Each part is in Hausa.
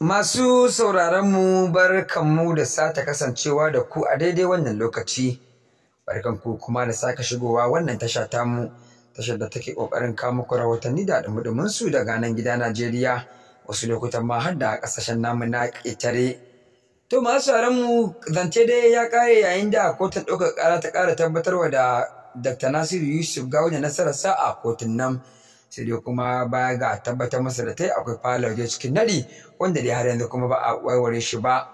Masu sauraronmu bar kanmu da sata kasancewa da ku a daidai wannan lokaci, barkanku kuma da sake shigowa wannan tasha tamu, tashar da take ƙoƙarin kawo kura rahotanni da su daga nan gida Najeriya, wasu lokutan ma har da ƙasashen namu na ƙetare. To masu mu zance dai ya ƙare yayin da kotun ɗaukar ƙara ta ƙara tabbatarwa da Dr. Nasiru Yusuf Gawo da nasararsa a kotun nan. sai dai kuma baya ga tabbatar masa da tai akwai falaje cikin nari wanda dai har yanzu kuma ba a waiware shi ba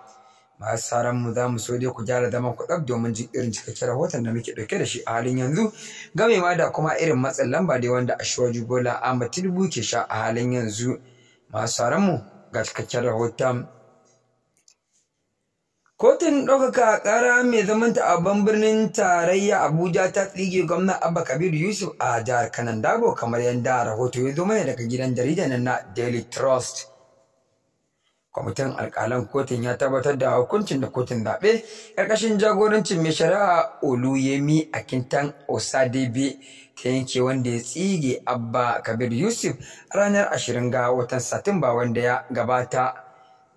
masu sauran mu za mu so dai ku gyara zaman ku tsaf domin jin irin cikakken rahoton da muke ɗauke da shi a halin yanzu game ma da kuma irin matsin lamba dai wanda Ashwaju Bola Ahmad Tinubu ke sha a halin yanzu masu sauran mu ga cikakken rahoton Kotun ɗaukaka ƙara mai zaman a birnin tarayya Abuja ta tsige gwamnan Abba Kabiru Yusuf a jihar Kanan Dabo kamar yadda rahoto ya zo mana daga gidan jarida na Daily Trust. Kwamitin alƙalan kotun ya tabbatar da hukuncin da kotun zaɓe ƙarƙashin jagorancin mai shari'a Oluyemi Akintan Osadebe ta yanke wanda ya tsige Abba Kabir Yusuf ranar ashirin ga watan Satumba wanda ya gabata.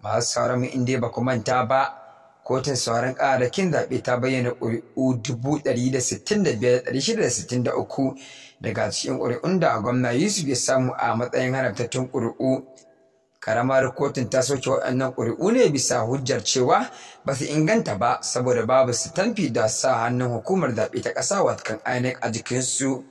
Masu sauran inda ba ku manta ba. kotun sauran ƙararrakin zaɓe ta bayyana ƙuri'u 165,663 daga cikin ƙuri'un da gwamna yusuf ya samu a matsayin haramtattun ƙuri'u karamar kotun ta soke waɗannan ƙuri'u ne bisa hujjar cewa ba su inganta ba saboda babu su tamfi da sa hannun hukumar zaɓe ta ƙasa watakan inec a jikinsu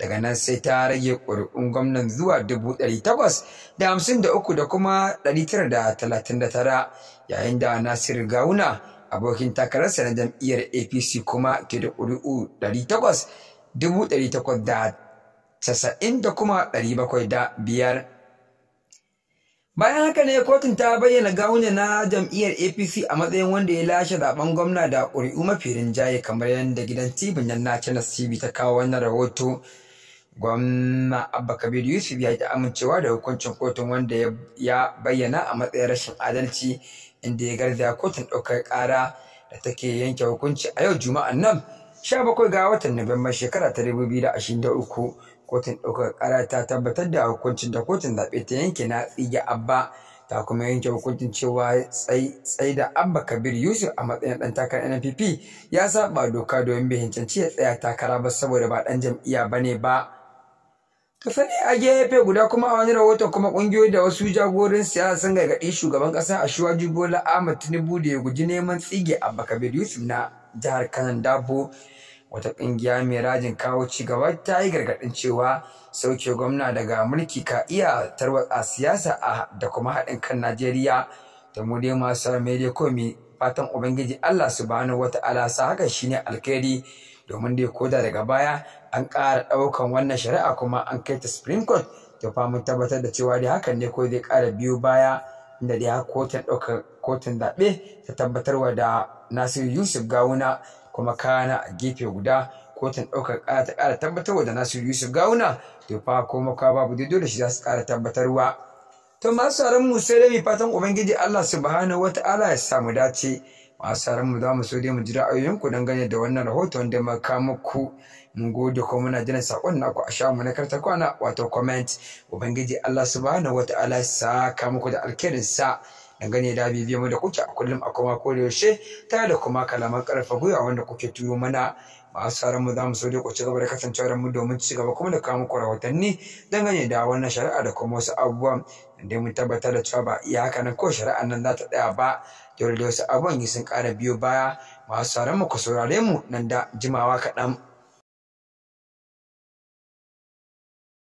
daga nan sai ta rage ƙuri'un gwamnan zuwa dubu ɗari takwas da hamsin da uku da kuma ɗari tara da talatin da tara yayin da nasiru gawuna abokin takararsa na jam'iyyar apc kuma ke da ƙuri'u ɗari takwas dubu ɗari takwas da casa'in da kuma ɗari bakwai da biyar bayan haka ne kotun ta bayyana gawuna na jam'iyyar apc a matsayin wanda ya lashe zaben gwamna da ƙuri'u mafi rinjaye kamar yadda gidan tibin na national tv ta kawo wannan rahoto gwamna abba kabir yusuf ya ji amincewa da hukuncin kotun wanda ya bayyana a matsayin rashin adalci inda ya garzaya kotun ɗaukar ƙara da take yanke hukunci a yau juma'an nan 17 ga watan nuwamban shekara ta 2023 kotun ɗaukar ƙara ta tabbatar da hukuncin da kotun zaɓe ta yanke na tsige abba ta kuma yanke hukuncin cewa tsai da abba kabir yusuf a matsayin ɗan takarar npp ya saba doka domin bai cancanci ya tsaya takara ba saboda ba ɗan jam'iyya ba ne ba kasa ne a gefe guda kuma a wani rahoton kuma kungiyoyi da wasu jagorin siyasa sun gargaɗi shugaban ƙasa a shuwaji bola ahmad tinubu da ya guji neman tsige a bakabir yusuf na jihar kanan dabo wata ƙungiya mai rajin kawo ci gaba ta yi gargaɗin cewa sauke gwamna daga mulki ka iya tarwatsa siyasa da kuma haɗin kan najeriya ta mu dai masu media komi fatan ubangiji Allah subhanahu wata sa haka ne alkhairi domin dai koda daga baya an ƙara ɗaukan wannan shari'a kuma an kai ta Supreme Court to fa mun tabbatar da cewa dai hakan ne ko zai ƙara biyo baya inda dai kotun ɗaukar kotun zaɓe ta tabbatarwa da Nasiru Yusuf Gawuna kuma kana a gefe guda kotun ɗaukar ƙara ta ƙara tabbatarwa da Nasiru Yusuf Gawuna to fa ko makawa babu dai dole shi za su ƙara tabbatarwa. to masu mu sai dai fatan ubangiji Allah subhanahu wata'ala ya samu dace masu mu za mu so dai mu ji dan gane da wannan rahoton da maka muku mun gode ko muna jiran sakon naku a shamu na karta kwana wato comment ubangiji Allah subhanahu wata'ala ya saka muku da alkhairin sa dangane da bibiyo mu da kuke a kullum a kuma ko da yaushe ta da kuma kalaman karfa gwiwa wanda kuke turo mana masu sauran mu za mu so dai ku ci gaba da kasancewa da mu domin ci gaba kuma da kawo muku rahotanni dangane da wannan shari'a da kuma wasu abubuwan da mun tabbatar da cewa ba iya haka nan ko shari'ar nan za ta tsaya ba dole da wasu abubuwan sun kara biyo baya masu sauran mu ku saurare mu nan da jimawa kaɗan.